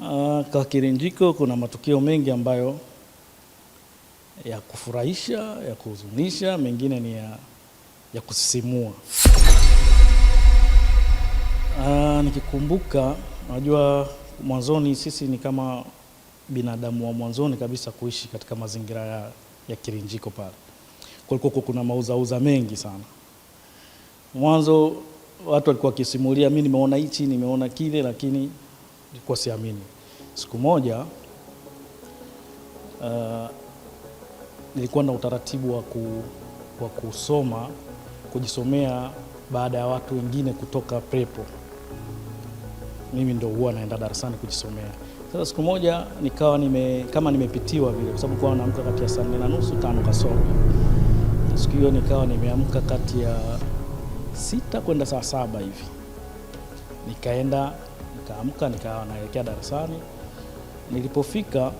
Ah, kwa kirinjiko kuna matukio mengi ambayo ya kufurahisha, ya kuhuzunisha, mengine ni ya, ya kusisimua. Aa, ah, nikikumbuka najua mwanzoni sisi ni kama binadamu wa mwanzoni kabisa kuishi katika mazingira ya, ya Kirinjiko pale kulikuwa kuna mauzauza mengi sana. Mwanzo watu walikuwa wakisimulia, mi nimeona hichi nimeona kile, lakini nilikuwa siamini. Siku moja uh, nilikuwa na utaratibu wa, ku, wa kusoma kujisomea baada ya watu wengine kutoka prepo, mimi ndo huwa naenda darasani kujisomea. Sasa siku moja nikawa nime, kama nimepitiwa vile, kwa sababu kwa naamka kati ya saa nne na nusu tano kasoro. Siku hiyo nikawa nimeamka kati ya sita kwenda saa saba hivi, nikaenda nikaamka nikawa naelekea darasani. Nilipofika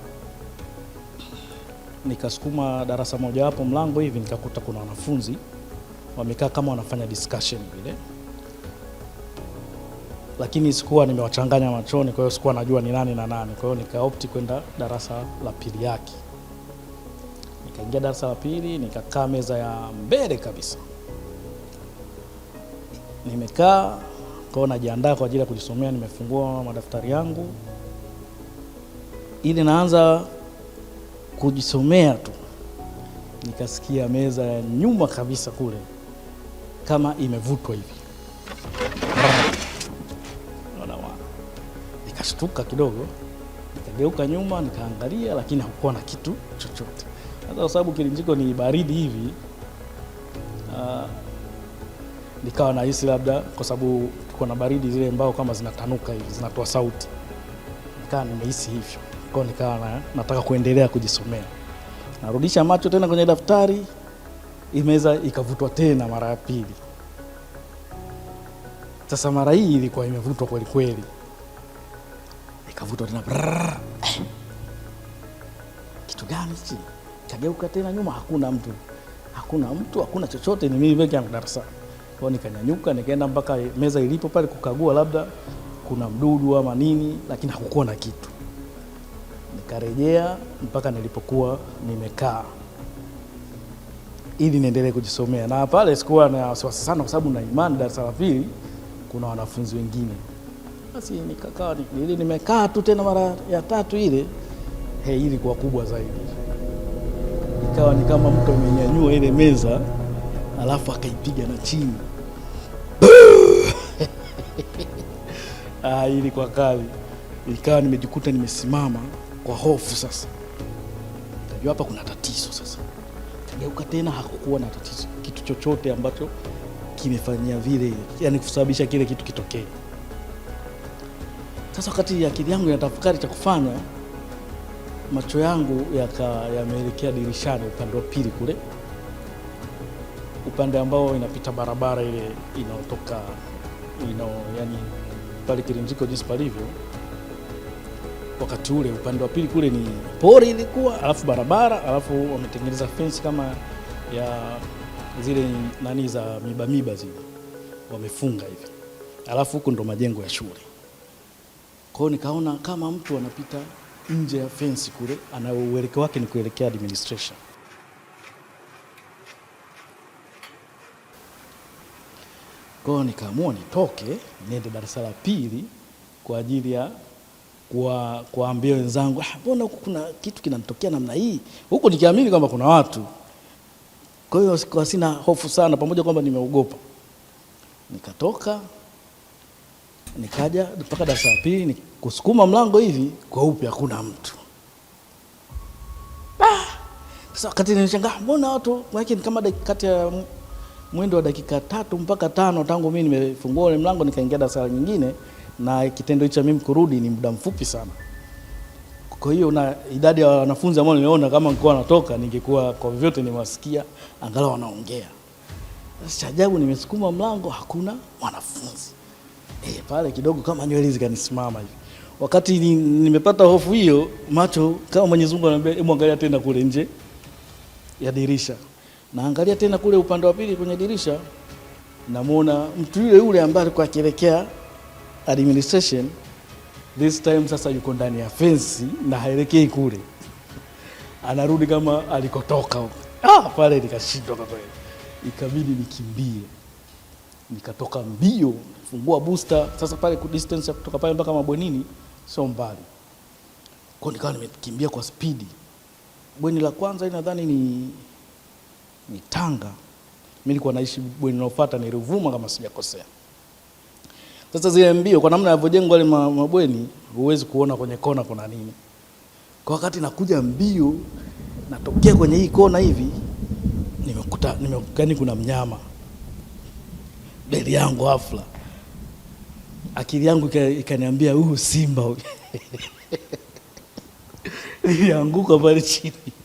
nikasukuma darasa moja wapo mlango hivi, nikakuta kuna wanafunzi wamekaa kama wanafanya discussion vile, lakini sikuwa nimewachanganya machoni, kwa hiyo sikuwa najua ni nani na nani. Kwa hiyo nikaopti kwenda darasa la pili yake, nikaingia darasa la pili, nikakaa meza ya mbele kabisa, nimekaa Kwao najiandaa kwa ajili ya kujisomea, nimefungua madaftari yangu ili naanza kujisomea tu, nikasikia meza ya nyuma kabisa kule kama imevutwa hivi, nikashtuka kidogo, nikageuka nyuma, nikaangalia, lakini hakukuwa na kitu chochote, hasa kwa sababu kilinjiko ni baridi hivi uh, nikawa nahisi labda kwa sababu tuko na baridi, zile mbao kama zinatanuka hivi zinatoa sauti, nikawa nimehisi hivyo kwao, nikawa na, nataka kuendelea kujisomea. Narudisha macho tena kwenye daftari, imeweza ikavutwa tena mara ya pili. Sasa mara hii ilikuwa imevutwa kweli kweli, ikavutwa tena brrr. Kitu gani hichi? Kageuka tena nyuma, hakuna mtu, hakuna mtu, hakuna chochote, ni mimi peke yangu darasani. Kwa nikanyanyuka nikaenda mpaka meza ilipo pale kukagua labda kuna mdudu ama nini, lakini hakukuwa na kitu. Nikarejea mpaka nilipokuwa nimekaa ili niendelee kujisomea, na pale sikuwa na wasiwasi sana, kwa sababu na imani darasa la pili kuna wanafunzi wengine. Basi nikakaa ili nimekaa tu, tena mara ya tatu ile he, ilikuwa kubwa zaidi, ikawa ni kama mtu amenyanyua ile meza alafu akaipiga na chini ah, ili kwa kali, ikawa nimejikuta nimesimama kwa hofu sasa, najua hapa kuna tatizo sasa. Kageuka tena, hakukuwa na tatizo kitu chochote ambacho kimefanyia vile, yani kusababisha kile kitu kitokee. Sasa wakati akili yangu inatafakari cha kufanya, macho yangu yameelekea ya dirishani upande wa pili kule, upande ambao inapita barabara ile inaotoka ino, yani pale Kilindriko jinsi palivyo wakati ule, upande wa pili kule ni pori ilikuwa, alafu barabara, alafu wametengeneza fence kama ya zile nani za miba miba zile wamefunga hivi, alafu huko ndo majengo ya shule. Kwa hiyo nikaona kama mtu anapita nje ya fence kule, ana uelekeo wake ni kuelekea administration. Kwa hiyo nikaamua nitoke niende darasa la pili kwa ajili ya kuambia wenzangu, ah, mbona huku kuna kitu kinanitokea namna hii, huku nikiamini kwamba kuna watu. Kwa hiyo sikuwa sina hofu sana, pamoja kwamba nimeogopa. Nikatoka nikaja mpaka darasa la pili, nikusukuma mlango hivi kwa upi, hakuna mtu. Ah! Sasa wakati nilishangaa, ah, mbona watu kama kati ya mwendo wa dakika tatu mpaka tano tangu mimi nimefungua ule mlango nikaingia darasa nyingine, na kitendo hicho mimi kurudi ni muda mfupi sana. Kwa hiyo na idadi ya wanafunzi ambao nimeona, kama nilikuwa natoka, ningekuwa kwa vyovyote nimewasikia angalau wanaongea. Sasa Cha ajabu nimesukuma mlango, hakuna wanafunzi eh, pale kidogo kama nywele zikanisimama hivi. Wakati nimepata hofu hiyo, macho kama Mwenyezi Mungu ananiambia, hebu angalia tena kule nje ya dirisha naangalia tena kule upande wa pili kwenye dirisha, namwona mtu yule yule ambaye alikuwa akielekea administration, this time sasa yuko ndani ya fensi na haelekei kule, anarudi kama alikotoka. Ah, pale nikashindwa kwa kweli, ikabidi nikimbie, nikatoka mbio, fungua booster. Sasa pale ku distance ya kutoka pale mpaka mabwenini sio mbali, kwa nikawa nimekimbia kwa spidi. Bweni la kwanza nadhani ni ni Tanga. Mimi nilikuwa naishi bweni linalofuata ni Ruvuma kama sijakosea. Sasa zile mbio kwa namna yalivyojengwa yale mabweni huwezi kuona kwenye kona kuna nini. Kwa wakati nakuja mbio natokea kwenye hii kona hivi nimekuta nimekutani kuna mnyama beli yangu hafla. Akili yangu ikaniambia huyu simba huyu. Nilianguka pale chini.